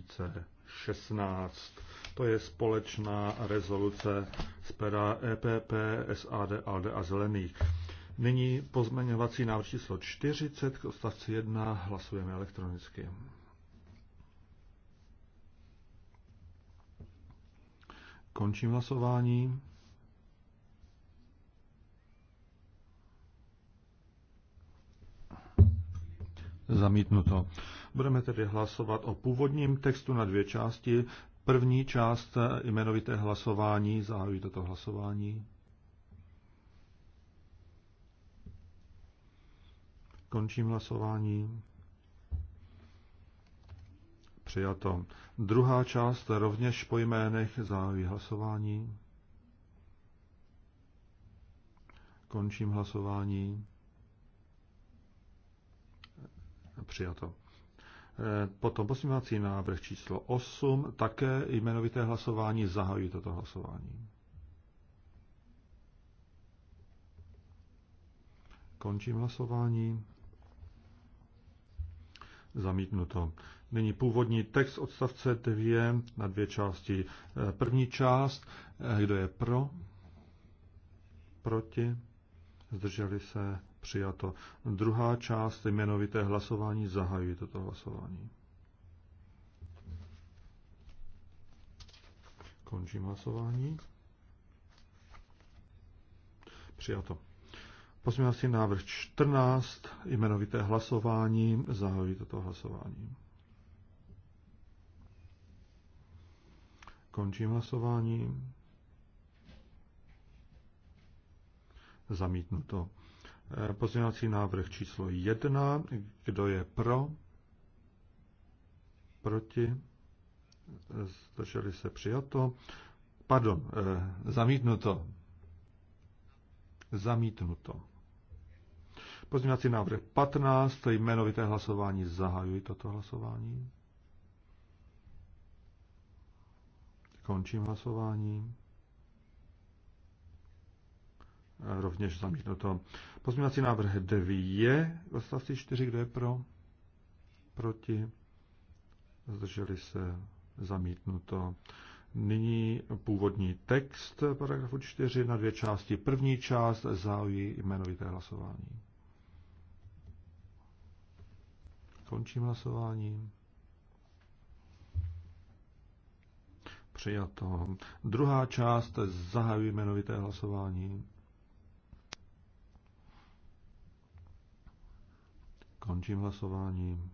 2016. To je společná rezoluce z pera EPP, SAD, ALDE a Zelených. Nyní pozměňovací návrh číslo 40 k odstavci 1 hlasujeme elektronicky. Končím hlasování. Zamítnuto. Budeme tedy hlasovat o původním textu na dvě části. První část eh, jmenovité hlasování, zahájí toto hlasování. Končím hlasování. Přijato. Druhá část rovněž po jménech zahájí hlasování. Končím hlasování. Přijato. Potom pozměňovací návrh číslo 8, také jmenovité hlasování, zahajují toto hlasování. Končím hlasování. Zamítnuto. Nyní původní text odstavce 2 na dvě části. První část, eh, kdo je pro, proti, zdrželi se, Přijato. Druhá část jmenovité hlasování. zahajuje toto hlasování. Končím hlasování. Přijato. Pozměňovací návrh 14, jmenovité hlasování, zahajuji toto hlasování. Končím hlasování. Zamítnuto. Eh, pozměňovací návrh číslo 1. Kdo je pro? Proti? Zdrželi se přijato. Pardon, eh, zamítnuto. Zamítnuto. Pozměňovací návrh 15. Jmenovité hlasování. Zahajuji toto hlasování. Končím hlasování rovněž zamítnuto. Pozměňovací návrh 2 v odstavci 4, kdo je pro? Proti? Zdrželi se zamítnuto. Nyní původní text paragrafu 4 na dvě části. První část zaují jmenovité hlasování. Končím hlasování. Přijato. Druhá část zahajuje jmenovité hlasování. Končím hlasování.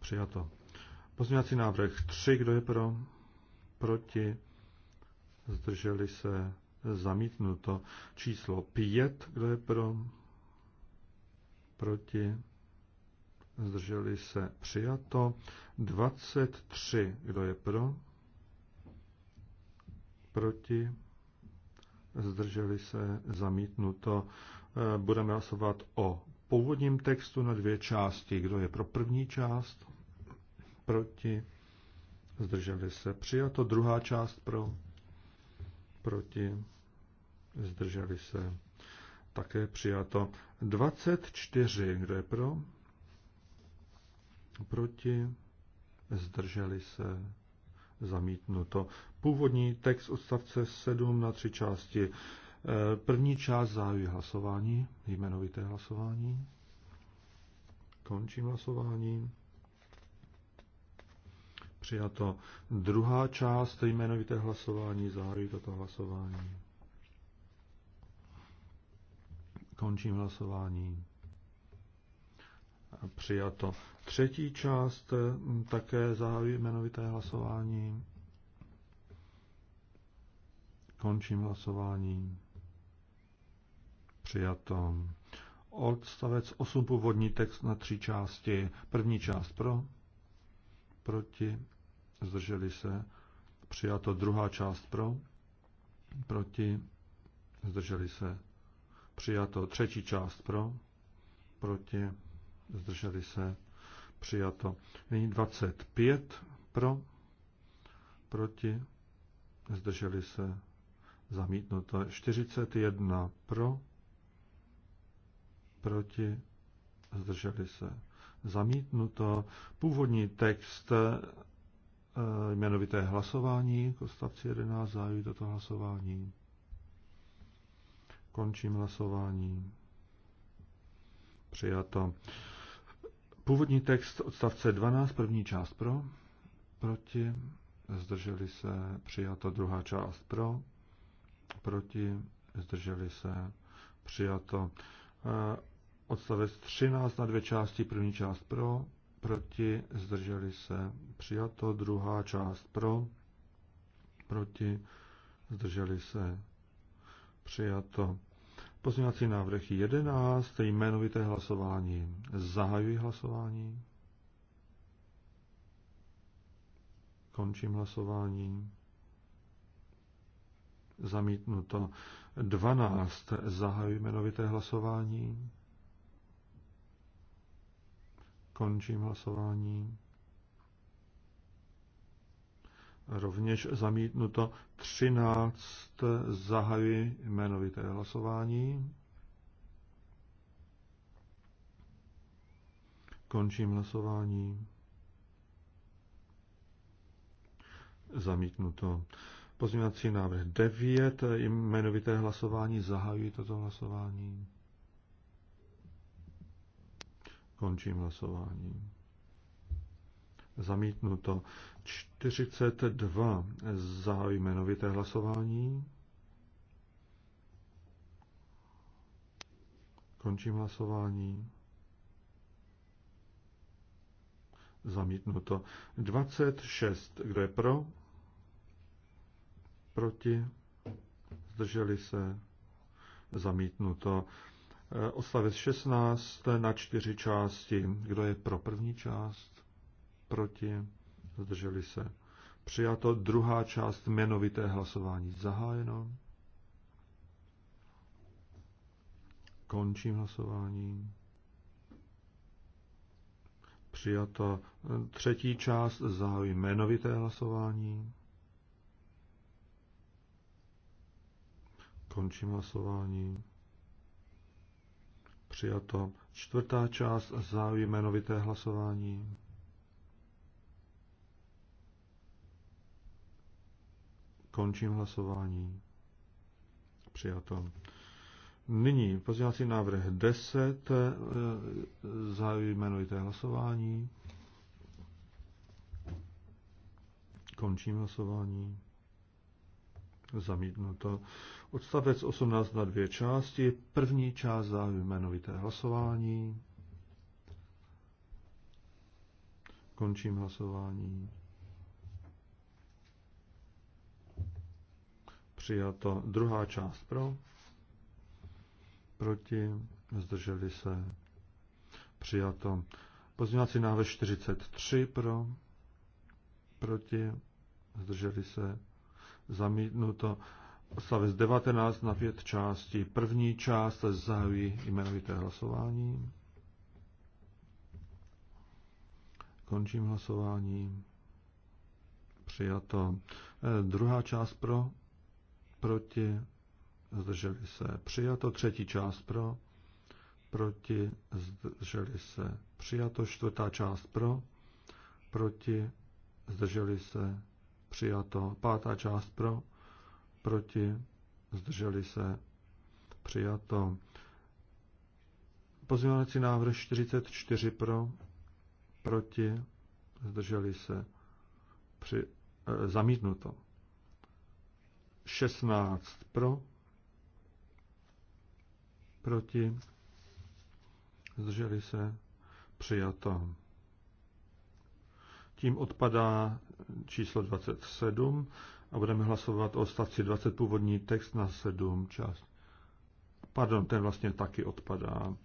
Přijato. Pozměňovací návrh 3. Kdo je pro? Proti? Zdrželi se? Zamítnuto. Číslo 5. Kdo je pro? Proti? Zdrželi se? Přijato. 23. Kdo je pro? Proti? Zdrželi se? Zamítnuto. Eh, budeme hlasovat o původním textu na dvě části. Kdo je pro první část? Proti? Zdrželi se. Přijato. Druhá část pro? Proti? Zdrželi se. Také přijato. 24. Kdo je pro? Proti? Zdrželi se. Zamítnuto. Původní text odstavce 7 na tři části Eh, první část zahajuji hlasování, jmenovité hlasování. Končím hlasování. Přijato. Druhá část jmenovité hlasování, zahajuji toto hlasování. Končím hlasování. Přijato. Třetí část eh, také zahájí jmenovité hlasování. Končím hlasování. Přijato. Odstavec 8 původní text na tři části. První část pro, proti, zdrželi se. Přijato druhá část pro, proti, zdrželi se. Přijato třetí část pro, proti, zdrželi se. Přijato. Nyní 25 pro, proti, zdrželi se. Zamítnuto 41 pro, proti, zdrželi se. Zamítnuto původní text eh, jmenovité hlasování, kostavci odstavci 11 zájí toto hlasování. Končím hlasování. Přijato. Původní text odstavce 12, první část pro, proti, zdrželi se, přijato druhá část pro, proti, zdrželi se, přijato Eh, odstavec 13 na dvě části, první část pro, proti, zdrželi se, přijato, druhá část pro, proti, zdrželi se, přijato. Pozměňovací návrh 11, jmenovité hlasování. Zahajuji hlasování. Končím hlasování. Zamítnuto. 12. Zahajuji jmenovité hlasování. Končím hlasování. Rovněž zamítnuto 13. Zahajuji jmenovité hlasování. Končím hlasování. Zamítnuto. Pozměňovací návrh 9, jmenovité hlasování, zahajuji toto hlasování. Končím hlasování. Zamítnuto 42, zahajuji jmenovité hlasování. Končím hlasování. Zamítnuto 26, kdo je pro? proti, zdrželi se, zamítnuto. E, odstavec 16 na čtyři části. Kdo je pro první část? Proti, zdrželi se. Přijato druhá část jmenovité hlasování zahájeno. Končím hlasování. Přijato e, třetí část zahájí jmenovité hlasování. Končím hlasování. Přijato. Čtvrtá část za jmenovité hlasování. Končím hlasování. Přijato. Nyní pozdělací návrh 10. Eh, za jmenovité hlasování. Končím hlasování zamítnuto. Odstavec 18 na dvě části. První část za jmenovité hlasování. Končím hlasování. Přijato druhá část pro. Proti. Zdrželi se. Přijato. Pozměňovací návrh 43 pro. Proti. Zdrželi se zamítnuto. Odstavec 19 na pět částí. První část zahajují jmenovité hlasování. Končím hlasování. Přijato. Eh, druhá část pro, proti, zdrželi se. Přijato. Třetí část pro, proti, zdrželi se. Přijato. Čtvrtá část pro, proti, zdrželi se přijato. Pátá část pro, proti, zdrželi se, přijato. Pozměňovací návrh 44 pro, proti, zdrželi se, při, e, zamítnuto. 16 pro, proti, zdrželi se, přijato. Tím odpadá číslo 27 a budeme hlasovat o stavci 20 původní text na 7 část. Pardon, ten vlastně taky odpadá.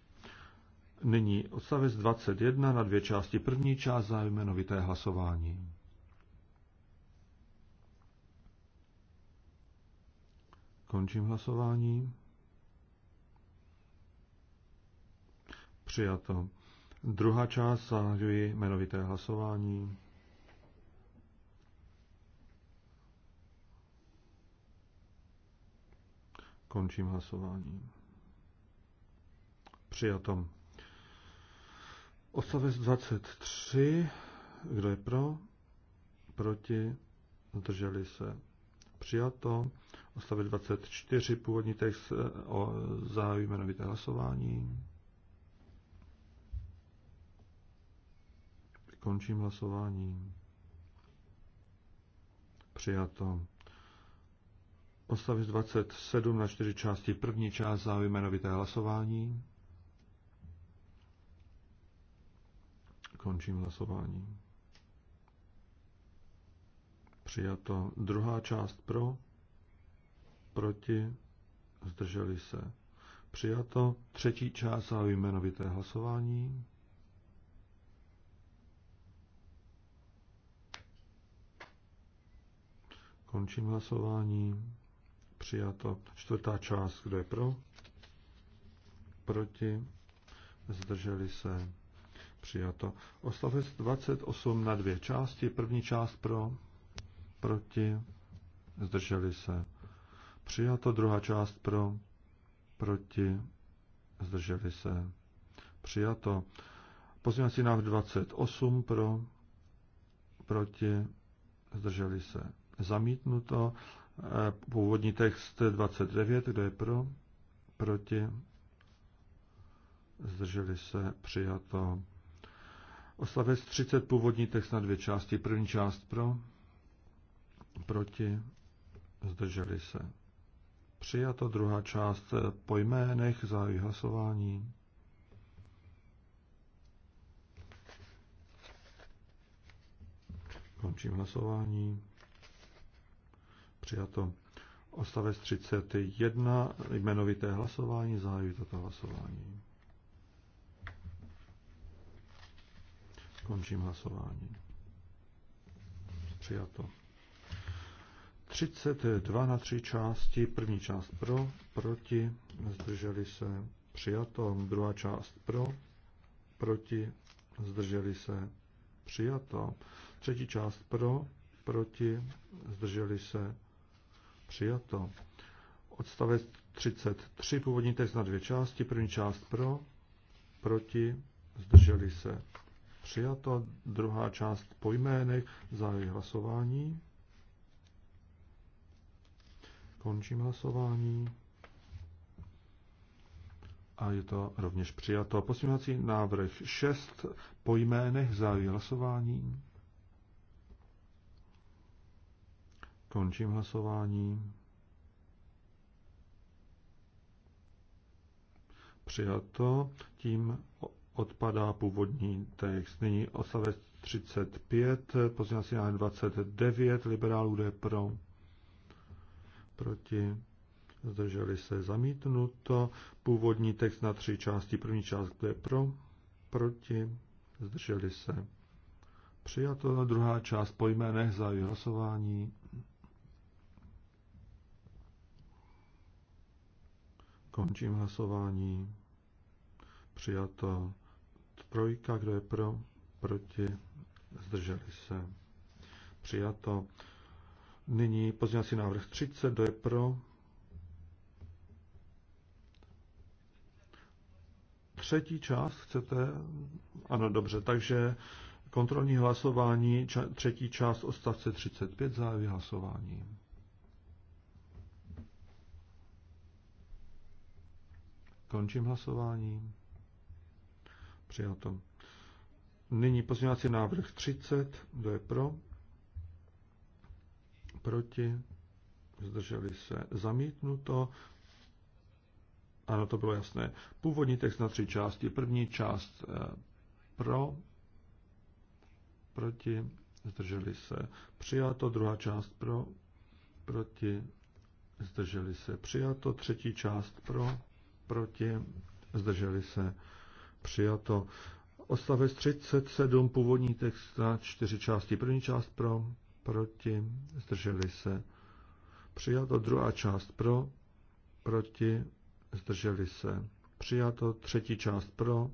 Nyní odstavec 21 na dvě části. První část za jmenovité hlasování. Končím hlasování. Přijato. Druhá část zahajuji jmenovité hlasování. Končím hlasování. Přijatom. Odstavec 23. Kdo je pro? Proti? Zdrželi se. Přijato. Odstavec 24. Původní text eh, o zájmenovité hlasování. Končím hlasování. Přijato. Odstavec 27 na čtyři části. První část za jmenovité hlasování. Končím hlasování. Přijato. Druhá část pro, proti, zdrželi se. Přijato. Třetí část za jmenovité hlasování. Končím hlasování. Přijato. Čtvrtá část. Kdo je pro? Proti? Zdrželi se. Přijato. Ostavec 28 na dvě části. První část pro? Proti? Zdrželi se. Přijato. Druhá část pro? Proti? Zdrželi se. Přijato. Pozměňovací návrh 28 pro? Proti? Zdrželi se zamítnuto. Eh, původní text 29, kdo je pro, proti, zdrželi se, přijato. Oslavec 30, původní text na dvě části. První část pro, proti, zdrželi se. Přijato druhá část po jménech, za hlasování. Končím hlasování přijato. Ostavec 31, jmenovité hlasování, zahajuji toto hlasování. Končím hlasování. Přijato. 32 na tři části. První část pro, proti, zdrželi se, přijato. Druhá část pro, proti, zdrželi se, přijato. Třetí část pro, proti, zdrželi se, Přijato. Odstavec 33, původní text na dvě části. První část pro, proti, zdrželi se. Přijato. Druhá část po jménech, zahájí hlasování. Končím hlasování. A je to rovněž přijato. Posměvací návrh 6 po jménech zahájí hlasování. Končím hlasování. Přijato. Tím odpadá původní text. Nyní odstavec 35, pozměňovací návrh 29, liberálů jde pro, proti, zdrželi se zamítnuto. Původní text na tři části, první část kde pro, proti, zdrželi se. Přijato druhá část po jménech za hlasování. Končím hlasování. Přijato trojka, kdo je pro, proti, zdrželi se. Přijato. Nyní pozměňovací návrh 30, kdo je pro, třetí část chcete? Ano, dobře, takže kontrolní hlasování, třetí část odstavce 35, zájevy hlasování. Končím hlasování. Přijato. Nyní pozměňovací návrh 30. Kdo je pro? Proti? Zdrželi se? Zamítnuto. Ano, to bylo jasné. Původní text na tři části. První část eh, pro, proti, zdrželi se. Přijato. Druhá část pro, proti, zdrželi se. Přijato. Třetí část pro, proti, zdrželi se, přijato. Odstavec 37, původní text čtyři části. První část pro, proti, zdrželi se, přijato. Druhá část pro, proti, zdrželi se, přijato. Třetí část pro,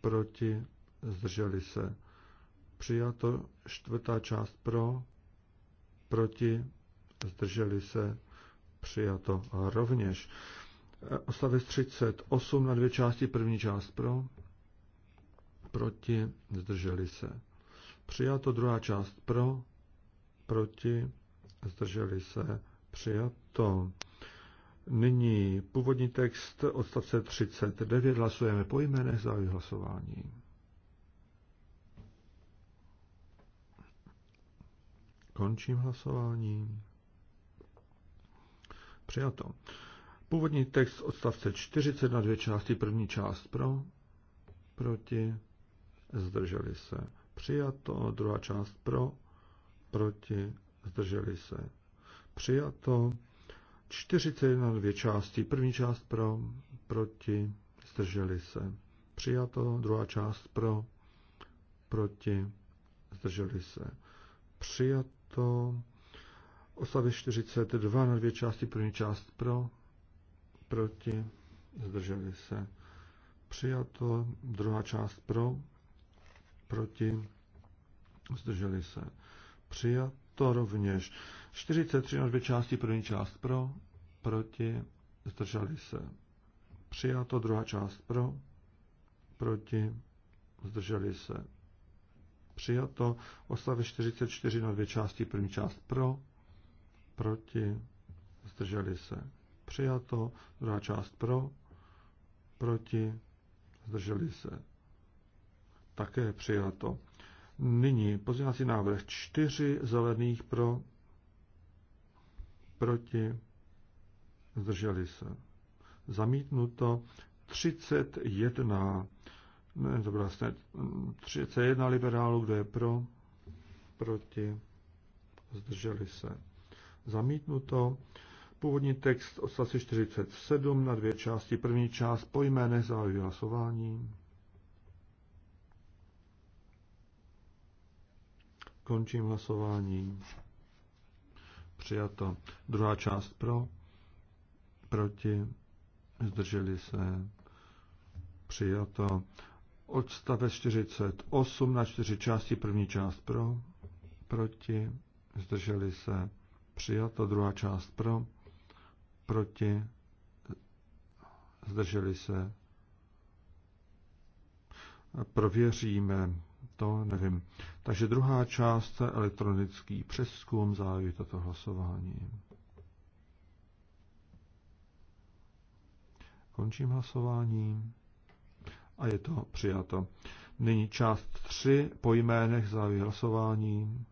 proti, zdrželi se, přijato. Čtvrtá část pro, proti, zdrželi se, přijato a rovněž odstavec 38 na dvě části, první část pro, proti, zdrželi se. Přijato druhá část pro, proti, zdrželi se, přijato. Nyní původní text odstavce 39 hlasujeme po jménech za hlasování. Končím hlasování. Přijato. Původní text odstavce 40 na dvě části. První část pro, proti, zdrželi se. Přijato. Druhá část pro, proti, zdrželi se. Přijato. 41 na dvě části. První část pro, proti, zdrželi se. Přijato. Druhá část pro, proti, zdrželi se. Přijato. Ostavě 42 na dvě části. První část pro, proti, zdrželi se přijato, druhá část pro, proti, zdrželi se přijato rovněž. 43 na dvě části, první část pro, proti, zdrželi se přijato, druhá část pro, proti, zdrželi se přijato, oslavy 44 na dvě části, první část pro, proti, zdrželi se přijato, druhá část pro, proti, zdrželi se, také přijato. Nyní pozměňovací návrh 4 zelených pro, proti, zdrželi se. Zamítnuto 31, ne, to bylo vlastně 31 liberálů, kdo je pro, proti, zdrželi se. Zamítnuto Původní text odstavci 47 na dvě části. První část po jménech zahajuji hlasování. Končím hlasování. Přijato. Druhá část pro, proti, zdrželi se. Přijato. Odstavec 48 na čtyři části. První část pro, proti, zdrželi se. Přijato. Druhá část pro proti, zdrželi se. Prověříme, to nevím. Takže druhá část, elektronický přeskum, zahájí toto hlasování. Končím hlasování a je to přijato. Nyní část 3 po jménech závěr hlasování.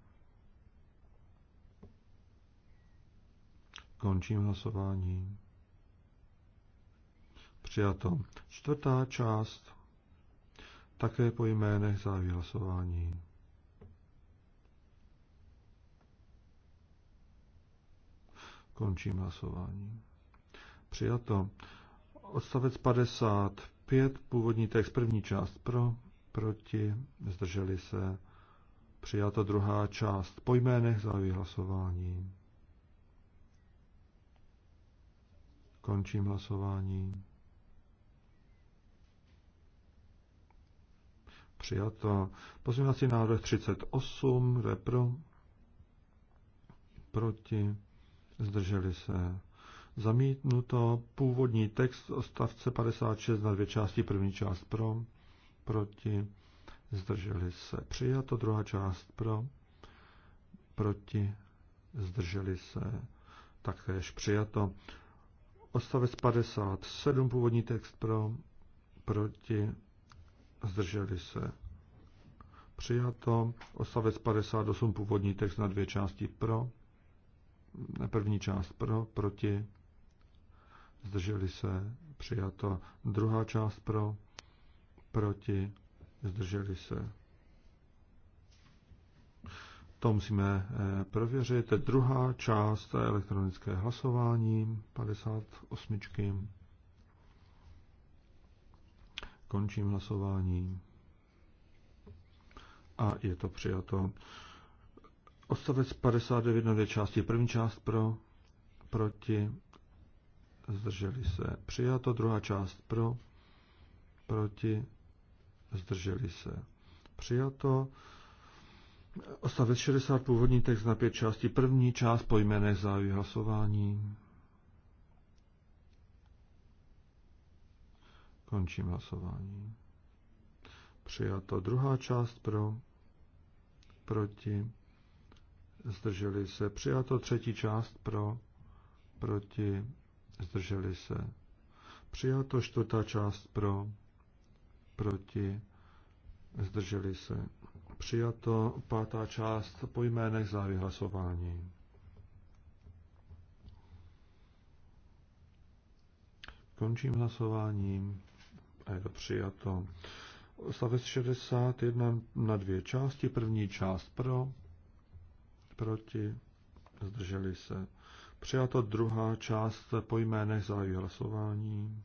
Končím hlasování. Přijato. Čtvrtá část. Také po jménech za hlasování. Končím hlasování. Přijato. Odstavec 55, původní text, první část pro, proti, zdrželi se. Přijato. druhá část. Po jménech za hlasování. Končím hlasování. Přijato. Pozměňovací návrh 38, kdo je pro? Proti? Zdrželi se. Zamítnuto. Původní text stavce 56 na dvě části. První část pro, proti, zdrželi se. Přijato. Druhá část pro, proti, zdrželi se. Taktéž přijato. Odstavec 57, původní text pro, proti, zdrželi se. Přijato. Odstavec 58, původní text na dvě části pro, první část pro, proti, zdrželi se. Přijato. Druhá část pro, proti, zdrželi se to musíme eh, prověřit. Druhá část elektronické hlasování 58. Končím hlasování. A je to přijato. Odstavec 59 na dvě části. První část pro, proti, zdrželi se. Přijato. Druhá část pro, proti, zdrželi se. Přijato. Ostavec 60, původní text na pět částí. První část po jménech zájí hlasování. Končím hlasování. Přijato druhá část pro, proti, zdrželi se. Přijato třetí část pro, proti, zdrželi se. Přijato čtvrtá část pro, proti, zdrželi se. Přijato pátá část po jménech za hlasování. Končím hlasováním a je to přijato. Stavec 61 na dvě části. První část pro, proti, zdrželi se. Přijato druhá část po jménech závěr hlasování.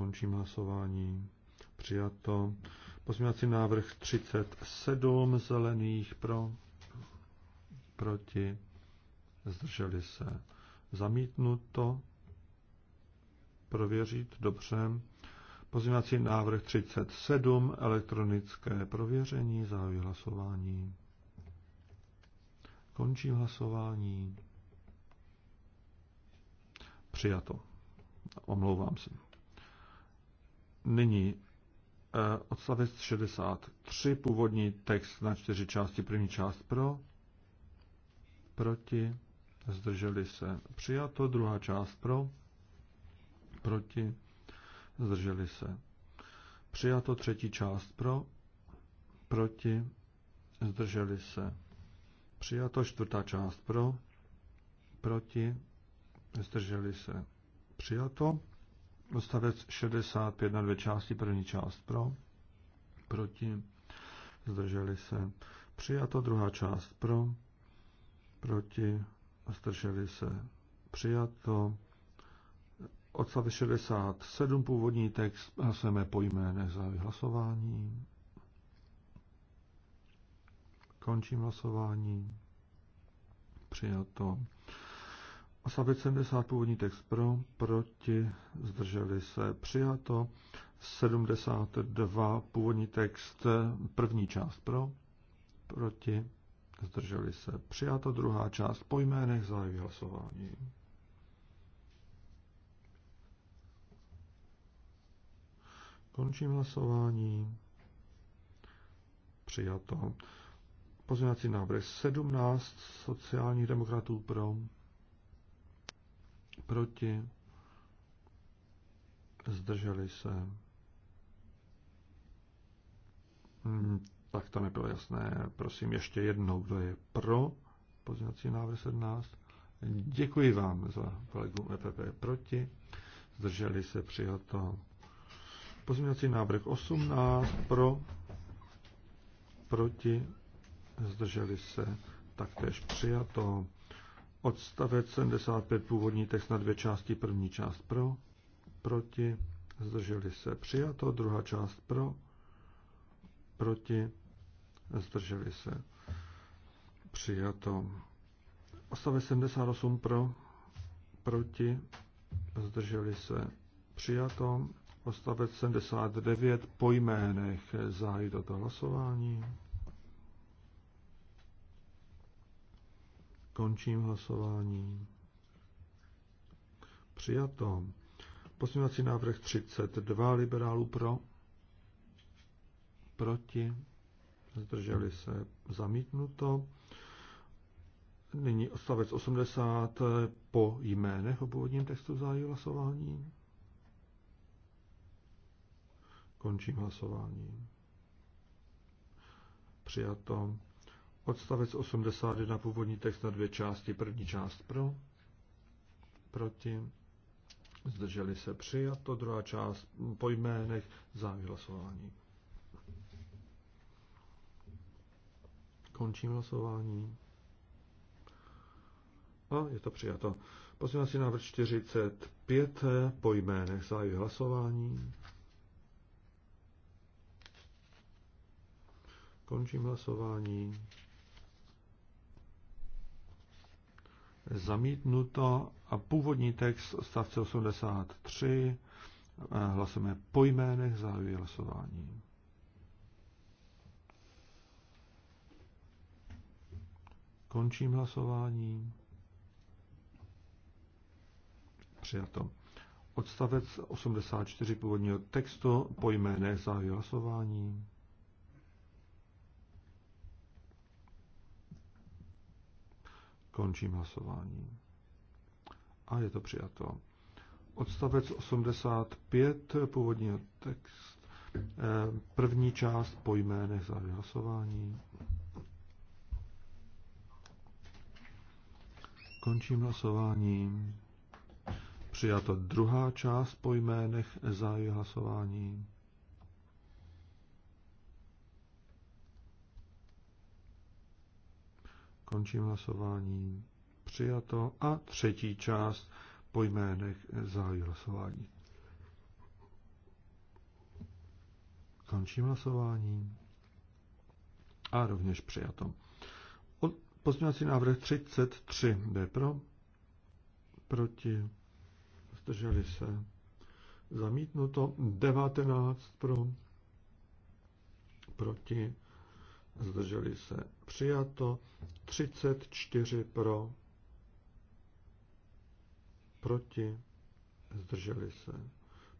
Končím hlasování. Přijato. Pozměňovací návrh 37 zelených pro, proti, zdrželi se. Zamítnuto. Prověřit, dobře. Pozměňovací návrh 37, elektronické prověření, zahajuji hlasování. Končím hlasování. Přijato. Omlouvám se. Nyní eh, odstavec 63, původní text na čtyři části, první část pro, proti, zdrželi se přijato, druhá část pro, proti, zdrželi se přijato, třetí část pro, proti, zdrželi se přijato, čtvrtá část pro, proti, zdrželi se přijato. Odstavec 65 na dvě části, první část pro, proti, zdrželi se. Přijato druhá část pro, proti, zdrželi se. Přijato odstavec 67, původní text, hlasujeme po jménech za hlasování. Končím hlasování. Přijato. Ostavit 70 původní text pro, proti, zdrželi se, přijato. 72 původní text první část pro, proti, zdrželi se, přijato. Druhá část po jménech zahájí hlasování. Končím hlasování. Přijato. Pozměňovací návrh 17 sociálních demokratů pro proti, zdrželi se. Hmm, tak to nebylo jasné. Prosím, ještě jednou, kdo je pro pozměňovací návrh 17. Děkuji vám za kolegu EPP proti. Zdrželi se přijato. Pozměňovací návrh 18 pro, proti, zdrželi se taktéž přijato. Odstavec 75 původní text na dvě části. První část pro, proti, zdrželi se přijato. Druhá část pro, proti, zdrželi se přijato. Odstavec 78 pro, proti, zdrželi se přijato. Odstavec 79 po jménech zahájí toto hlasování. Končím hlasování. Přijato. Pozměňovací návrh 32 liberálů pro. Proti. Zdrželi se. Zamítnuto. Nyní odstavec 80 po jménech o původním textu zájí hlasování. Končím hlasování. Přijato. Odstavec 81, původní text na dvě části. První část pro, proti, zdrželi se přijato. Druhá část po jménech za hlasování. Končím hlasování. A je to přijato. si návrh 45 po jménech zahajuji hlasování. Končím hlasování. zamítnuto a původní text stavce 83 eh, hlasujeme po jménech zahajuji hlasování. Končím hlasování. Přijato. Odstavec 84 původního textu po jménech zahajuji hlasování. Končím hlasování. A je to přijato. Odstavec 85 původního text. Eh, první část po jménech za hlasování. Končím hlasování. Přijato druhá část po jménech za hlasování. Končím hlasování. Přijato. A třetí část po jménech zahájí hlasování. Končím hlasování. A rovněž přijato. Pozměňovací návrh 33. Jde pro? Proti? Zdrželi se? Zamítnuto. 19 pro? Proti? zdrželi se přijato, 34 pro, proti, zdrželi se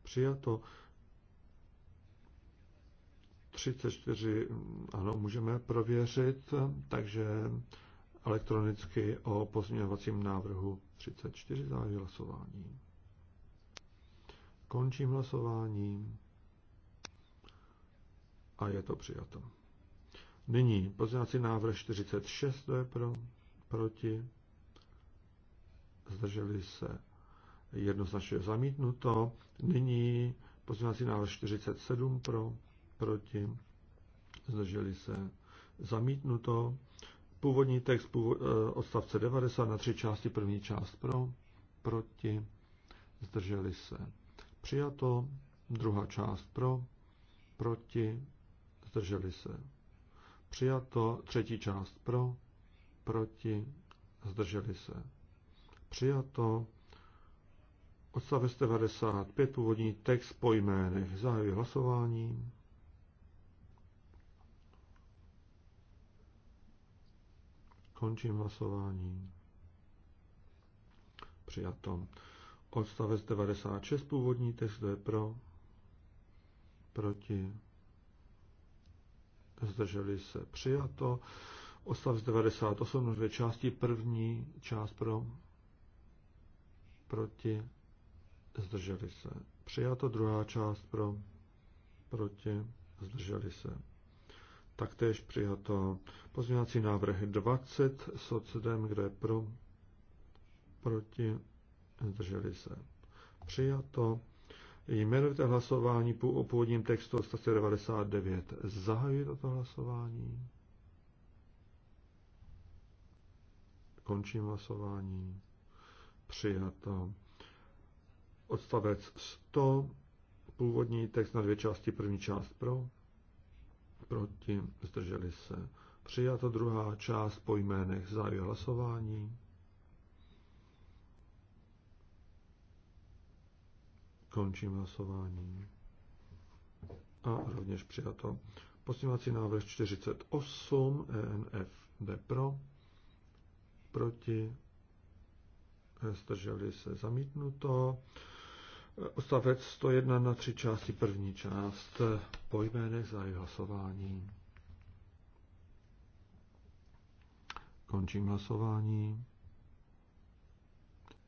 přijato, 34, ano, můžeme prověřit, takže elektronicky o pozměňovacím návrhu 34 zahájí hlasování. Končím hlasování a je to přijato. Nyní pozměňovací návrh 46, to je pro, proti, zdrželi se jednoznačně zamítnuto. Nyní pozměňovací návrh 47 pro, proti, zdrželi se zamítnuto. Původní text původ, eh, odstavce 90 na tři části, první část pro, proti, zdrželi se přijato, druhá část pro, proti, zdrželi se Přijato třetí část pro, proti, zdrželi se. Přijato odstavec 95, původní text po jménech. Zahajuji hlasování. Končím hlasování. Přijato. Odstavec 96, původní text, kdo je pro, proti, zdrželi se přijato. z 98 dvě části. První část pro, proti, zdrželi se přijato. Druhá část pro, proti, zdrželi se taktéž přijato. Pozměňovací návrhy 20 s odsedem, kde je pro, proti, zdrželi se přijato. Jmenujte hlasování po původním textu 199. Zahajuji toto hlasování. Končím hlasování. Přijato. Odstavec 100. Původní text na dvě části. První část pro. Proti. Zdrželi se. Přijato druhá část po jménech. Zahajuji hlasování. Končím hlasování. A rovněž přijato. Poslímací návrh 48 ENF D pro. Proti. Zdrželi se zamítnuto. Ostavec 101 na tři části. První část po jménech za hlasování. Končím hlasování.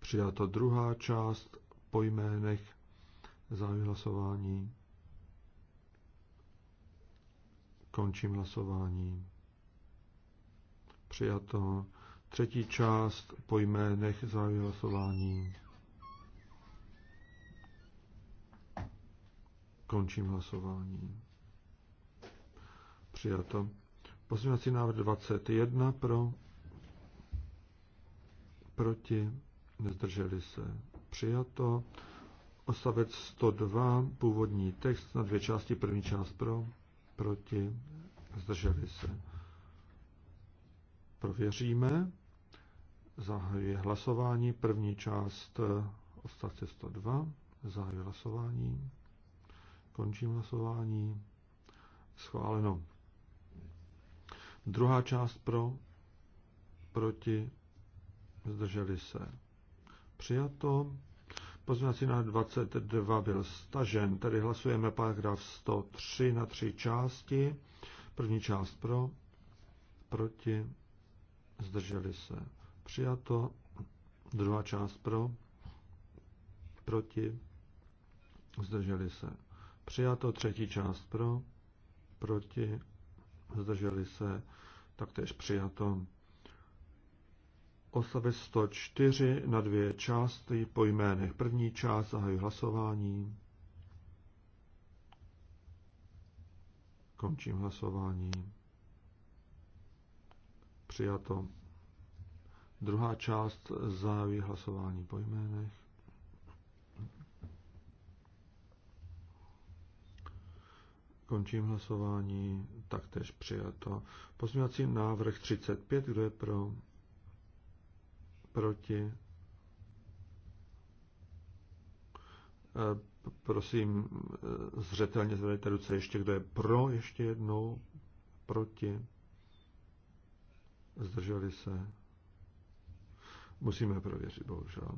Přijato druhá část po jménech Zahajuji hlasování. Končím hlasování. Přijato. Třetí část po jménech zahajuji hlasování. Končím hlasování. Přijato. Pozměňovací návrh 21 pro, proti, nezdrželi se. Přijato. Odstavec 102, původní text na dvě části, první část pro, proti, zdrželi se. Prověříme. Zahajuje hlasování. První část eh, odstavce 102. Zahajuje hlasování. Končím hlasování. Schváleno. Druhá část pro, proti, zdrželi se. Přijato. Pozměňovací na 22 byl stažen, tedy hlasujeme paragraf 103 na tři části. První část pro, proti, zdrželi se. Přijato, druhá část pro, proti, zdrželi se. Přijato, třetí část pro, proti, zdrželi se, taktéž přijato odstavec 104 na dvě části po jménech. První část zahajuji hlasování. Končím hlasování. Přijato. Druhá část zahájí hlasování po jménech. Končím hlasování, taktéž přijato. Pozměňovací návrh 35, kdo je pro? proti. E, prosím, e, zřetelně zvedejte ruce ještě, kdo je pro, ještě jednou, proti. Zdrželi se. Musíme prověřit, bohužel.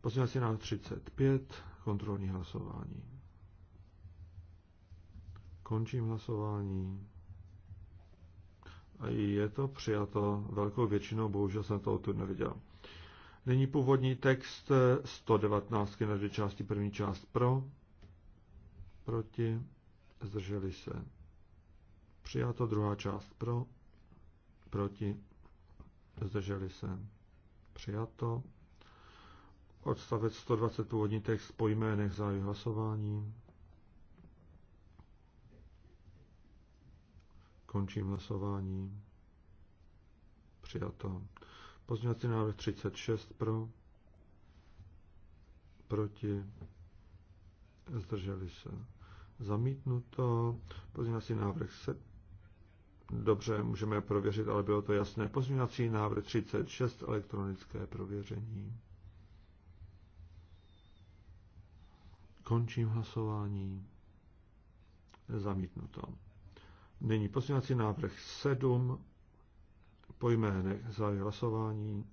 Pozměňovací na 35, kontrolní hlasování. Končím hlasování je to přijato velkou většinou, bohužel jsem to tu neviděl. Nyní původní text 119 eh, na dvě části, první část pro, proti, zdrželi se. Přijato druhá část pro, proti, zdrželi se. Přijato. Odstavec 120 původní text po jménech zájmy hlasování. Končím hlasování. Přijato. Pozměňovací návrh 36 pro. Proti. Zdrželi se. Zamítnuto. Pozměňovací návrh se... Dobře, můžeme prověřit, ale bylo to jasné. Pozměňovací návrh 36, elektronické prověření. Končím hlasování. Zamítnuto. Nyní pozměňovací návrh 7 po jménech za hlasování.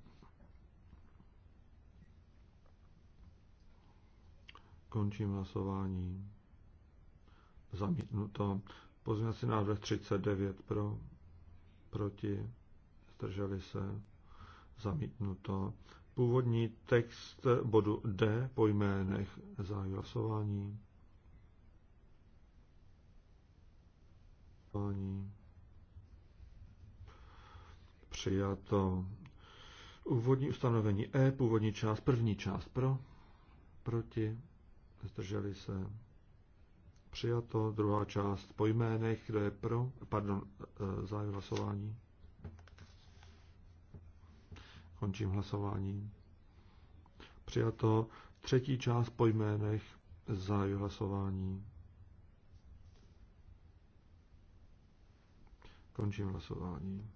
Končím hlasování. Zamítnuto. Pozměňovací návrh 39 pro, proti, zdrželi se, zamítnuto. Původní text bodu D po jménech za hlasování. hlasování. Přijato. Úvodní ustanovení E, původní část, první část pro, proti, zdrželi se. Přijato, druhá část po jménech, kdo je pro, pardon, e, zájem hlasování. Končím hlasování. Přijato, třetí část po jménech, zájem hlasování. Končím hlasování.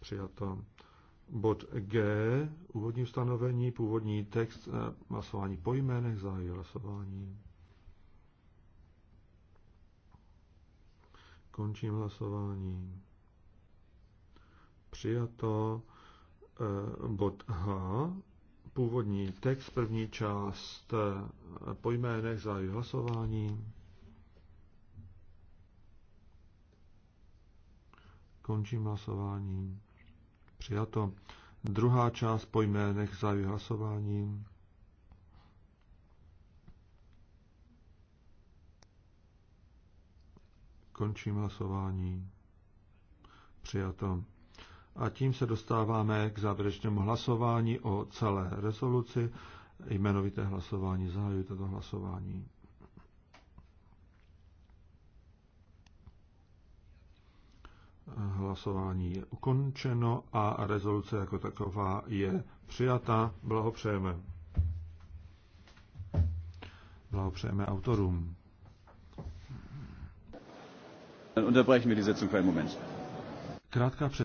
Přijato. Bod G, úvodní ustanovení, původní text, eh, hlasování po jménech, zahájí hlasování. Končím hlasování. Přijato eh, bod H, původní text, první část eh, po jménech, zahájí hlasování. Končím hlasování. Přijato. Druhá část po jménech za hlasování. Končím hlasování. Přijato. A tím se dostáváme k závěrečnému hlasování o celé rezoluci. Jmenovité hlasování. Zahajuji toto hlasování. hlasování je ukončeno a rezoluce jako taková je přijata. Blahopřejeme. Blahopřejeme autorům. Unterbrechen wir die Sitzung für einen Moment. Krátká před...